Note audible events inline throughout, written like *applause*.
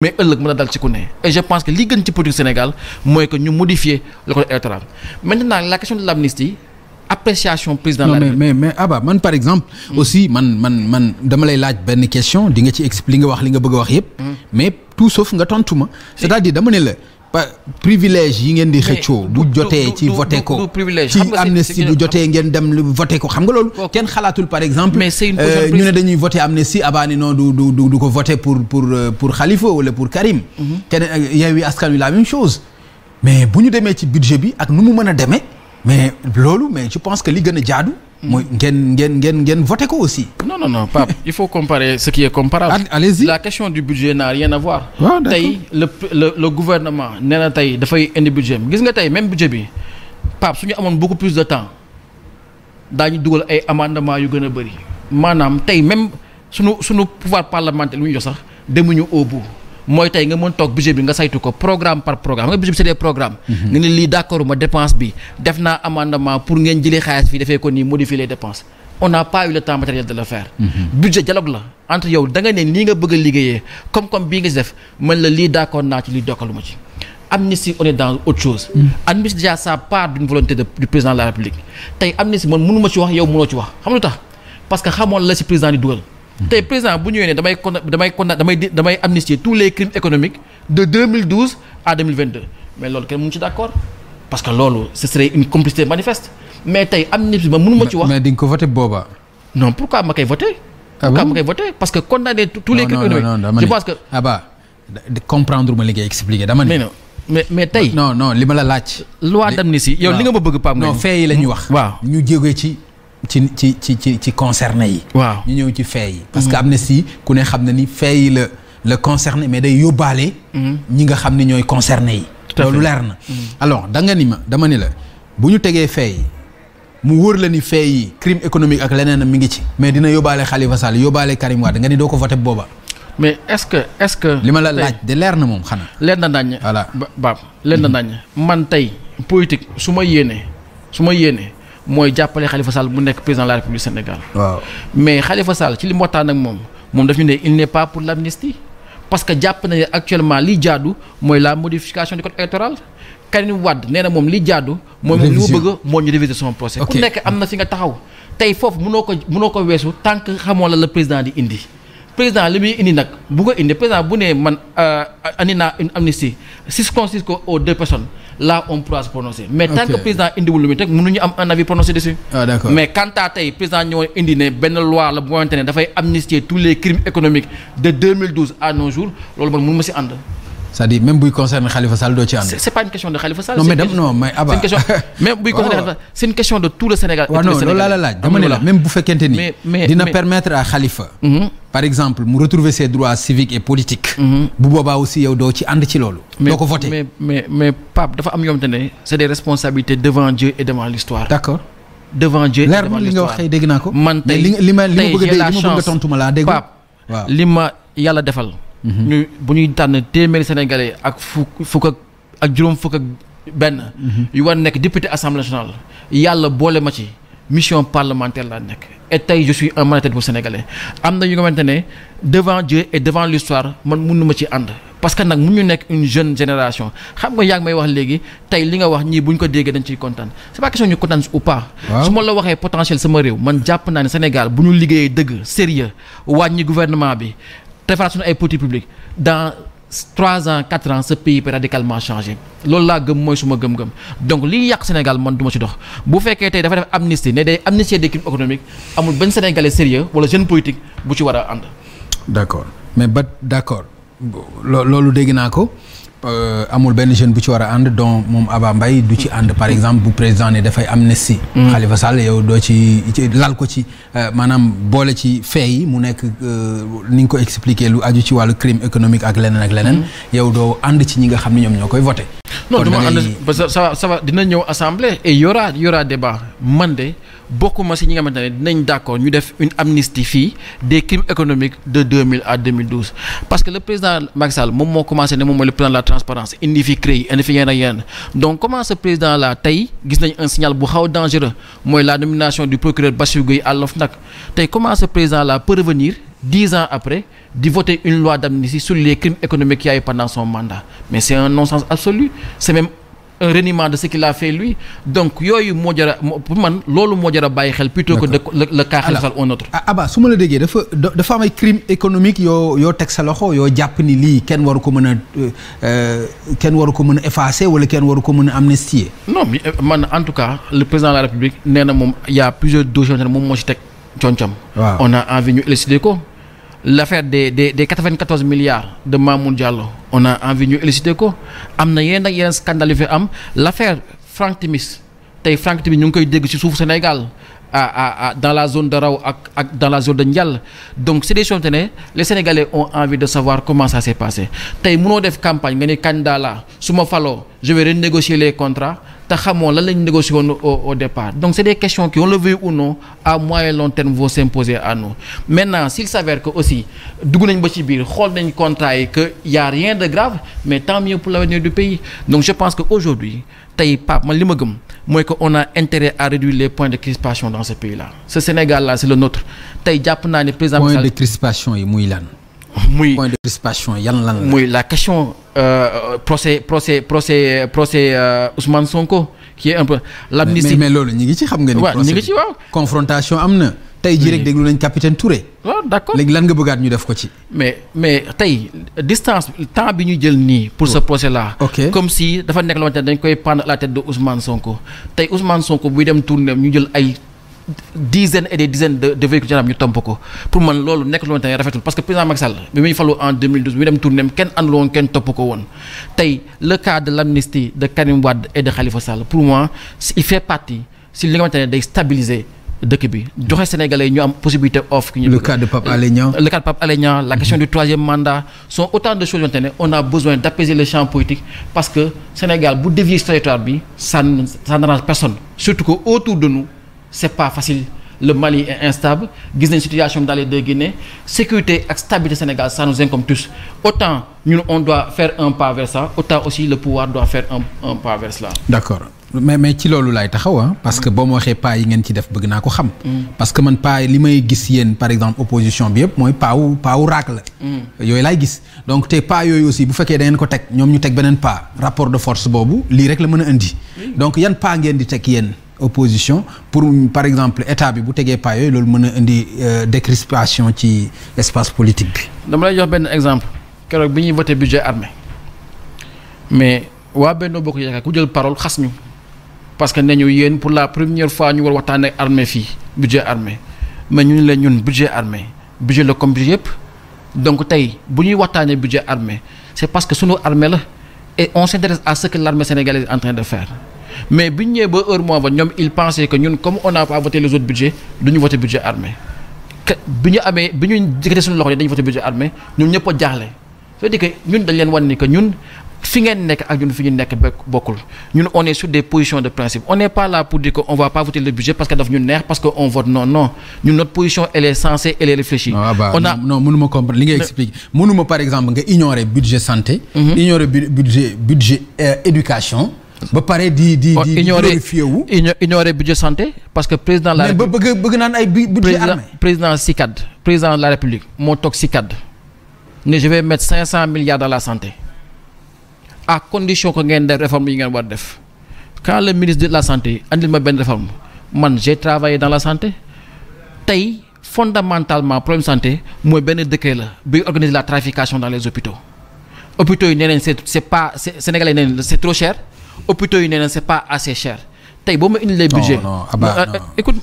mais ëllëg mën a dal ci ku ne et je pense que li gën ci politique Sénégal mooy que ñu modifier le code électoral maintenant la question de l' amnistie appréciation président la mais mais mais Abba man par exemple. Mm. aussi man man man dama lay laaj benn question di nga ci expliquer li nga wax li nga bëgg a wax yëpp. Hmm. mais tout sauf nga tontu ma. c' est à dire dama ne la. privilège yi ngeen di xëccoo du jotee ci voté ko ci amnistie bu jotee ngeen dem vote ko xam nga loolu kenn xalaatul par exemple euh, ñu ne dañuy voté amnistie abaani non du du du ko voté pour pour euh, pour Khalifa wala pour Karim mhm. keneen euh, Yewwi Askan Wi la même chose mais bu ñu demee ci budget bi ak nu mu mën a demee mais loolu mais je pense que li gën a jaadu mooy ngeen ngeen ngeen ngeen voté ko aussi. non non non Pape il faut comparer ce qui est comparable. la question du budget n'a rien à voir. Ah, tey le le le gouvernement nee na tey dafay indi budget gis nga tey même budget bi Pape su ñu amoon beaucoup plus de temps daañu dugal ay amendements yu gën a bëri maanaam tey même sunu sunu pouvoir parlementaire lu ñu jox sax demuñu au bout. mooy tey nga mën toog budget bi nga saytu ko programme par programme nga budget bi c'est des programmes mhm. nga ne lii d'accord ma dépense bi def naa amendement pour ngeen jëlee xaalis fii defee ko nii modifier les dépenses on n'a pas eu le temps matériel de le faire mhm. budget dialogue la entre yow da nga ne nii nga bëgg a liggéeyee comme comme bii nga si def mën la lii d'accord naa ci lii dokkalu ma ci amnistie on est dans autre chose mhm. amnistie déjà ça part d'une de la république tey amnistie man mënu ma ci wax yow mënoo ci wax xam lu tax parce que xamoon la si président dugal tey président bu ñëwee ne damay con damay con damay damay amnistier tous les crimes économiques de 2012 à 2022 mais loolu kenn mënu ci d' parce que loolu ce serait une complicité manifeste mais tey amnistie ba ma ci wax. mais di nga ko voté booba. non pourquoi ma koy voté. ah pourquoi ma koy voté parce que condamner tous les crimes économiques je pense que aba ah comprendre ma li ngay expliquer dama ne. mais mais tey. non non li ma la laaj. loi d' amnistie yow li nga ma bëgg Pape. non fee hmm? wax. waaw ci. ci ci ci ci ci concerné yi. waaw ñu ñëw ci fee yi. parce que mhm. am na si ku ne xam na ni fee yi la la concerné mais day yóbbaale. Mhm. ñi nga xam ne ñooy concerné yi. loolu leer na. Mhm. alors da nga ni ma dama ni la bu ñu tegee fee mu wóor la ni fee yi crime économique ak leneen mu ngi ci. mais dina yóbbaale Khalifa Sall yóbbaale Karim Wade nga ni doo ko voté booba. mais est-ce que est-ce que. li ma la laaj de leer na moom xanaa. leer na naññ. voilà ba baab leer na naññ. man tey politique su ma yéenee su ma yéenee mooy jàppale Khalifa Sall mu nekk président de la République Sénégal. waaw mais Khalifa Sall ci li mu waxtaan ak moom moom daf ñu ne il n' est pas pour l' parce que jàpp na ne actuellement li jaadu mooy la modification du code électoral. Karim Wade nee na moom li jaadu. moom li mu bëgg moo ñu révisé son procès. ku nekk am na fi nga taxaw tey foofu mënoo ko mënoo ko weesu tant que xamoo la la président di indi. président li muy indi nag bu ko indi président bu ne man euh, andi naa une amnistie circonscrit ko aux deux la on pourra se prononcer mais tant que président indiwul lu muy teg mënuñu am un avis prononcé dessus ah, mais quant à tey président ñoo indi ne benn loi la bu xamante ne dafay amnistier tous les crimes économiques de 2012 à nos jours loolu man mënu ma si ànd c'est-à-dire même buy concerner Khalifa Sall doo ci ànd. c'est pas une question de Khalifa Sall. non mais dama non mais Abba c'est une question *laughs* même buy concerner Khalifa une question de tout le Sénégal. et tout le Sénégal waaw non loolu mu retrouver ses droits mhm. boobaa aussi yow doo ci ànd ci loolu. doo ko voté mais mais mais dafa am ñoom te ne c'est des responsabilités devant Dieu et devant l'histoire d'accord naa ko. man tey tey la chance man li ma li ma a a tontu li ma yàlla defal ñu bu ñuy tànn téeméeri sénégalais ak fukk fukk ak juróom fukk ak benn. Mhm. yu war nekk député assemblée nationale yàlla boole ma ci mission parlementaire laa nekk et tey je en un bu sénégalais am na yu nga xamante ne devant Dieu et devant l'histoire man mënu ma ci ànd. parce que nag mu ñu nekk une jeune génération xam nga yaa ngi may wax léegi tey li nga wax ñii bu ñu ko déggee dañ ci kontaan c'est pas question ñu kontaan ou su ma la waxee potentiel sama réew man jàpp naa ne Sénégal bu ñu liggéeyee dëgg wàññi gouvernement bi. defaraat ay politiques publiques dans trois ans quatre ans ce pays peut radicalement changer loolu laa gëm mooy suma gëm-gëm donc liy yàq Sénégal man duma ma ci dox bu fekkee tey dafa def amnistie ne day amnistier des crimes économiques amul benn sénégalais sérieux wala jeune politique bu ci war a ànd. d' accord mais ba d' accord. loolu dégg naa ko euh, amul benn jeune bu ci war a ànd donc moom Aba mbay du ci ànd par exemple bu président ne dafay amnistie mm. Khalifa Sall yow doo ci lal ko ci euh, maanaam boole ci fee mu nekk euh, ni nga ko expliqué lu aju ci wàllu crime économique ak leneen ak leneen mm. yow doo ànd ci ñi nga xam ne ñoom ñoo koy voté non duma ànd parce que ça va ça va dina ñëw assemblée et y aura y man de bokkuma si ñi nga xamante ne dinañ d'accord ñu def une amnistie fii des crimes économiques de 2000 à 2012 parce que le président Macky Sall moom moo commencé ne moom mooy le plan de la transparence indi fi CREI indi fi yenn ak yenn donc comment président là tey gis nañ un signal bu xaw dangereux mooy la nomination du procureur Bassirou Gueye à l'OFNAC tey comment ce président là peut revenir dix ans après di voter une loi d'amnistie sur les crimes économiques qu'il y mandat mais un reniement de ce qu'il a fait lui donc yooyu moo jar a man loolu moo jar a bàyyi xel plutôt que de le cas xelsal un autre Abba su ma la déggee dafa dafa am crime économique yoo yoo teg sa loxo yoo jàpp ni lii kenn waru ko mën a euh, kenn waru ko mën a effacer wala kenn waru ko mën a amnistier non euh, man en tout cas le président de la république nee na moom y a plusieurs dossiers moom moo ci teg concam waaw on a envie ñu ko l'affaire des des des quatre-vingt-quatorze milliards de Mamoun Diallo on a envie ñu élucider ko am na yenn ak scandale yu fi am l'affaire Franck Timis tey Franck Timis ñu ngi koy dégg ci suuf Sénégal à à dans la zone de Raw ak ak dans la zone de Ndial donc c'est des choses te ne les Sénégalais ont envie de savoir comment ça s'est passé tey munoo def campagne nga ne candidat la su ma faloo je vais renégocier les te xamoo lan lañu négocié woon au départ donc c' est des questions qui on le veuille ou non à moyen long terme vont s'imposer à nous maintenant s'il s'avère que aussi dugg nañ ba ci biir xool nañ contrat yi que y a rien de grave mais temps yëpp la l'avenir du pays donc je pense que aujourd'hui tey Pape man li ma gëm mooy que on a intérêt à réduire les points de crispation dans ce pays là ce Sénégal là c'est le nôtre tey jàpp naa ne président point de crispation yi muy muy point de crispation yan lan la muy la question euh, procès procès procès procès euh, Ousmane Sonko qui est un peu l'amnistie mais loolu ñi ngi ci xam nga ni procès ñi ngi ci waaw confrontation am na tey jii rek déglu nañ capitaine Touré waaw d'accord lan nga bëggaat ñu def ko ci mais mais tey distance temps bi ñu jël nii pour ce procès là comme si dafa nekk loo xamante ne dañ koy pendre la tête de Ousmane Sonko tey Ousmane Sonko buy dem tourné ñu jël ay dizaines et des dizaines de de véhicules gendarmes ñu tomp ko pour man loolu nekk lu ma tey rafetul parce que président Macky Sall bi muy falu en 2012 bi mu dem tournéem kenn àndul kenn topp ko woon tey le cas l'amnistie de Karim Wade et de Khalifa pour moi il fait partie si li nga xamante ne day stabiliser dëkk bi joxe sénégalais ñu am possibilité offre. le cas de Pape Alé mm-hmm. du troisième mandat sont autant de choses yoo ne on a besoin d' apaiser les champs politiques parce que c'est pas facile le Mali est instable gis nañ situation dans les deux Guinées sécurité ak stabilité Sénégal ça nous incombe tous autant ñun on doit faire un le pouvoir doit faire un un pas vers cela. loolu laay taxaw ah. parce que boo ma waxee pas yi ngeen ci def bëgg naa ko xam. Mm. parce que man pas li may gis yéen par exemple opposition bi yëpp mooy pas wu pas wu raak mm. gis donc te pas yooyu aussi bu fekkee da ngeen ko teg ñoom ñu teg beneen pas rapport de force boobu la mën a indi. donc yan pas ngeen di teg yéen. opposition pour par exemple état bi bu tegee pas loolu mën a indi euh, décrispation ci espace politique bi. dama lay jox benn exemple keroog bi ñuy voté budget armée mais waa Benno Bokk Yaakaar ku jël parole xas ñu parce que ne ñu yéen pour la première fois ñu war waxtaan ak fii budget armée mais ñu ne leen ñun budget armée budget la comme budget yëpp donc tey bu ñuy waxtaanee budget armée c'est parce que sunu armée la et on s'intéresse à ce que l'armée sénégalaise de faire. mais biñ ñëwee ba heure moo ba ñoom ils pensaient que ñun comme on n'a pas voté les autres budgets duñu voté budget armé bi ñu amee bi ñu dikkatee suñu loxo yi dañu voté budget armé ñun ñëpp a jaaxle c'est-à-dire que ñun dañ leen wan ni que ñun fi ngeen nekk ak ñun fi ñu nekk bokkul ñun on est sur des positions de principe on n'est pas là pour dire que on va pas voter le budget parce que daf ñu neex parce que on vote non non ñun notre position elle est a non mënuma comprendre li ngay expliquer ba pare di di di di glorifié wu. ignorer budget santé parce que président. la république bëgg bëgg naan ay budget armé président CICAD président de la moo toog CICAD ne je vais mettre cinq cent milliards dans la santé à condition ko ngeen def réforme yi ngeen war def quand le ministre de la santé indi ma benn réforme man j'ai travaillé dans la santé tey fondamentalement problème santé mooy benn décret la bi organiser la trafication dans les hôpitaux hôpitaux yi nee nañ c'est c'est pas Sénégalais yi nee c'est trop cher. hôpitaux yi nee na c'est pas assez cher tey boo ma indilee budget non non Abba ah non euh, écoute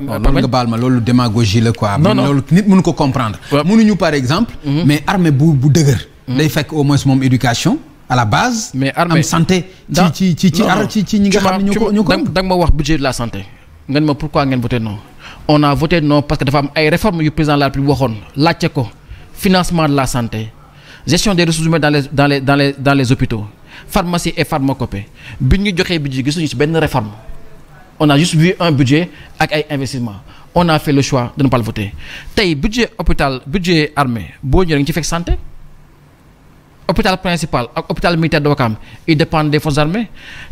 loolu nga baal ma loolu démagogie la quoi. non loolu nit mënu ko comprendre. mënuñu par exemple. Mhm. mais armée bu bu dëgër. Mhm. day fekk au moins moom éducation. à la base. mais armée santé. ci ci ci ci ci ñi nga xam ne ñu ko ko. da nga ma wax budget de la santé. ngeen ma pourquoi ngeen voté non. on a voté non parce que dafa am ay réformes yu président de la République waxoon laajte ko financement de la santé gestion des pharmacie et pharmacopée bi ñu joxee budget gisuñu si benn réforme on a juste vu un budget ak ay investissement on a fait le choix de ne pas le voter tey budget hôpital budget armée boo ñëwee nga ci fekk santé hôpital principal ak hôpital militaire de Ouakam il dépend des forces armées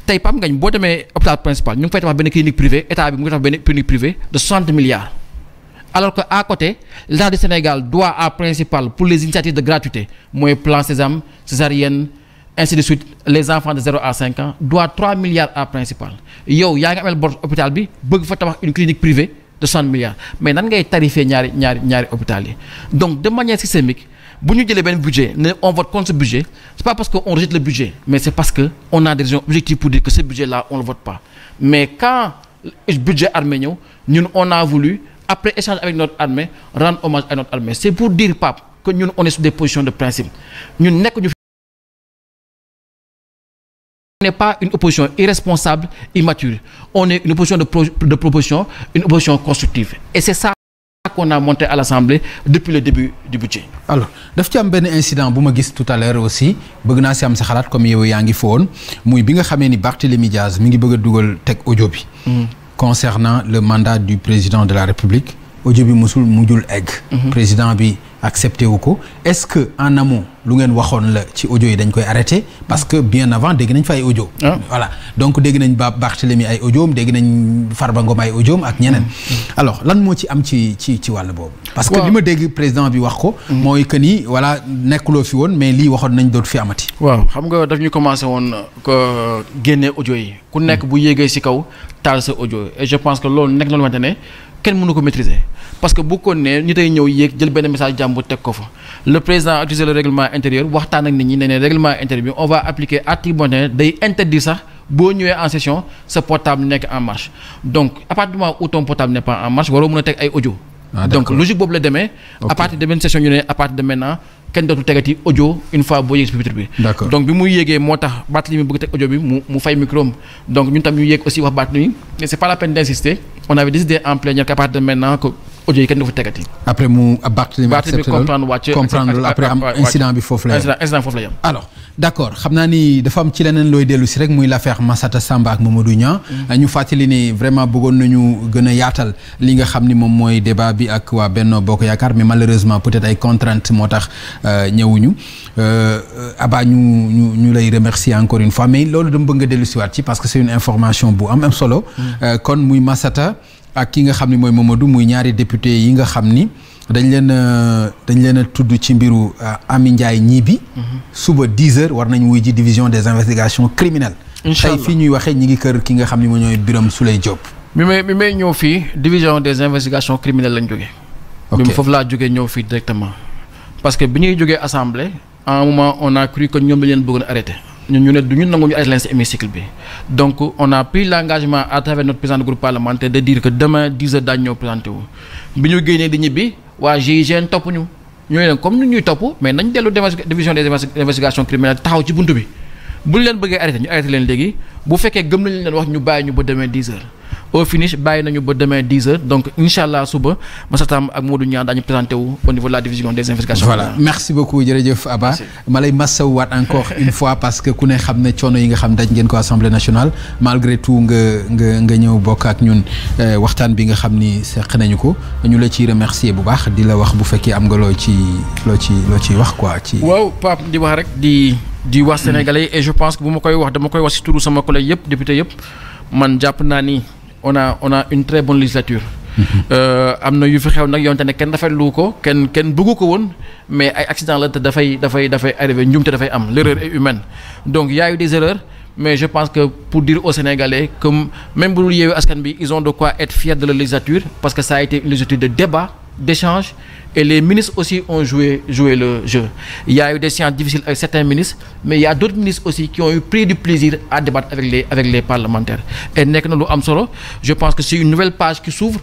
tey PAM ngañ boo demee hôpital principal ñu ngi fay tabax benn clinique privée état bi mu ngi tabax benn clinique privée de 60 milliards alors que à côté l'État du Sénégal à principal pour les initiatives de gratuité mooy plan Sésame ainsi de suite les enfants de 0 à 5 ans doivent 3 milliards à principal yow yaa ngi amel bor hôpital bi bëgg fa tabax une clinique privée de 60 milliards mais nan ngay tarifé ñaari ñaari hôpital yi donc de manière systémique bu ñu jëlee benn budget ne on vote contre ce budget c'est pas parce que on rejette le budget mais c'est parce que on a des raisons objectives pour dire que ce budget là on le vote pas mais quand budget armée ñëw ñun on a on n'est pas une opposition irresponsable immature on est une opposition de, pro de proposition une opposition constructive et c'est ça qu'on a monté à l'Assemblée depuis le début du budget alors daf ci am benn incident bu ma gis tout à l'heure aussi bëgg na si am sa xalaat comme yow yaa ngi foon muy bi nga xamee ni Barthélémy Diaz mi ngi bëgg a dugal teg ojo bi mm. concernant le mandat du président de la République audio bi mosul mujjul egg mm-hmm. président bi accepté wu ko est-ce que en amont lu ngeen waxoon la ci audio yi dañ koy arrêté parce que bien avant dégg nañ fa ay audio ah. voilà donc dégg nañ ba Barthélémy ay audio dégg nañ Farba Ngom ay audio ak ñeneen mm-hmm. alors lan moo ci am ci ci ci wàll boobu parce que li ma dégg président bi wax ko mm-hmm. mooy que ni voilà nekkuloo fi woon mais lii waxoon nañ dootu fi amati waaw xam nga daf ñu commencé woon génne audio yi ku nekk mm-hmm. bu yéegee si kaw taal sa audio et je pense que loolu nekk na lu xamante ne kenn mënu ko maîtriser parce que bu ko nee ñu tey ñëw yéeg jël benn message jàmbur teg ko fa le président a utilisé le règlement intérieur waxtaan ak nit ñi ne ne règlement bi on va appliquer article boo day interdire sax boo ñëwee en session sa portable nekk en marche donc à partir portable n'est en marche waroo mën a teg ay audio. Ah, donc logique boobu la demee. à partir session ñu ne à kenn dootul tegati audio une boo moo tax Barthélémy bi mu yéeg mi c'est pas on avait décidé en plénière qu'à partir de audio yi kenn du fa après mu Barthélémy accepté loolu comprendre après am incident bi foofu la yem. incident foofu la d' accord xam naa ni dafa am ci leneen looy dellu rek muy l' affaire Massata Samba ak Mamadou Niang. Mm-hmm. ñu fàttali ni vraiment bëggoon nañu a yaatal li nga xam ni moom mooy débat bi ak waa Benno Bokk Yaakaar mais malheureusement peut-être ay contraintes moo tax euh, ñëwuñu euh, Aba ñu ñu ñu lay remercier encore une fois mais loolu dama bëgg nga dellu siwaat ci parce que c' est une information bu ak ki nga xam ni mooy Mamadou muy ñaari député yi nga xam ni dañ leen dañ leen a tudd ci mbiru euh, Ami Ndiaye ñibi mhm. suba 10 heures war nañu wuy ji division des investigations criminelles tey fii ñuy waxee ñi ngi kër ki nga xam ni moo ñooy Birame Souleye Diop mi may mi may ñëw fii division des investigations criminelles lañ jóge bi foofu laa jógee ñëw fii directement parce que bi ñuy jógee assemblée à un moment on a cru ñoom la leen bëgg bëggoon arrêté ñun ñu ne du ñu nangu ñu arrêté leen si hémicycle bi donc on a pris l' engagement à travers notre président groupe parlementaire de dire que demain 10 heures daañu présenté wu bi ñu génnee di ñibbi waa GIGN topp ñu ñu leen comme ni ñuy topp mais nañ dellu division des investigations criminelles taxaw ci buntu bi bu ñu leen bëggee arrêté ñu arrêté leen léegi bu fekkee gëm nañ leen wax ñu bàyyi ñu ba demee 10 au finish bàyyi nañu ba demee 10 heures donc incha allah suba Massatam ak Modou Niang daañu présenté wu au niveau de la division des investigations. voilà merci beaucoup jërëjëf Abba. ma lay masawuwaat encore *laughs* une fois parce que ku ne xam ne coono yi nga xam daj ngeen ko assemblée nationale malgré tout nga nga nga ñëw bokk ak ñun euh, waxtaan bi nga xam ni seq nañu ko dañu la ciy remercier bu baax di la wax bu fekkee am nga loo ci loo ci loo ciy wax quoi. ci waaw Pape di wax rek di. di wax sénégalais et je pense bu ma koy wax dama koy wax ci turu sama collègue yëpp député yëpp man jàpp naa ni. on a on a une très bonne législature. Mhm. Euh, am na yu fi xew nag yoonte ne kenn rafetlu ko kenn kenn bëggu ko woon mais ay accident la te dafay dafay dafay arrivé te dafay am l'erreur est humaine donc y a eu des erreurs mais je pense que pour dire aux Sénégalais que même bu dul yeewee askan bi ils ont de quoi être fiers de la législature parce que ça a été une législature de débat. d'échange et les ministres aussi ont joué joué le jeu il y a eu des séances difficiles avec certains ministres mais il y a d'autres ministres aussi qui ont eu pris du plaisir à débattre avec les parlementaires et nekk na lu am solo je pense que c'est une nouvelle page qui s'ouvre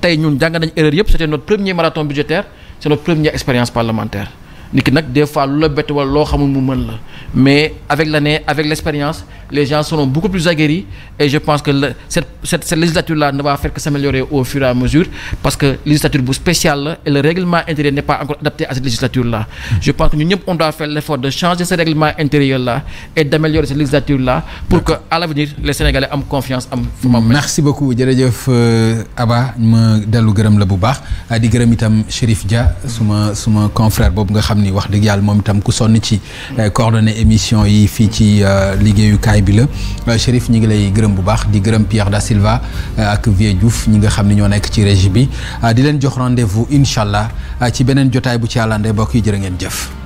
tey ñun jàng nañ erreur yëpp c'était notre premier marathon budgétaire c'est notre première expérience parlementaire nit ki nag des fois lu la bett wala loo xamul mu mën la mais avec l'année avec l'expérience les gens seront beaucoup plus aguerris et je pense que la cette législature là ne faire que s'améliorer au fur à mesure parce que législature bu spéciale et le règlement intérieur n'est pas encore adapté à cette législature là je pense que ñun ñëpp on doit faire l'effort de changer ce règlement intérieur là et d'améliorer cette législature là pour euh, la bu baax di gërëm itam Chérif Dia suma suma confrère boobu ni wax dëgg yàlla moom itam ku sonn ci eh, coordonné émission yi fii ci euh, liggéeyukaay bi la euh, Chérif ñi ngi lay gërëm bu baax di gërëm Pierre Da Silva euh, ak Vieux Diouf ñi nga xam ne ñoo nekk ci régie bi di leen jox rendez-vous incha allah ci beneen jotaay bu ci àllande ndey mbokk yi jërë ngeen jëf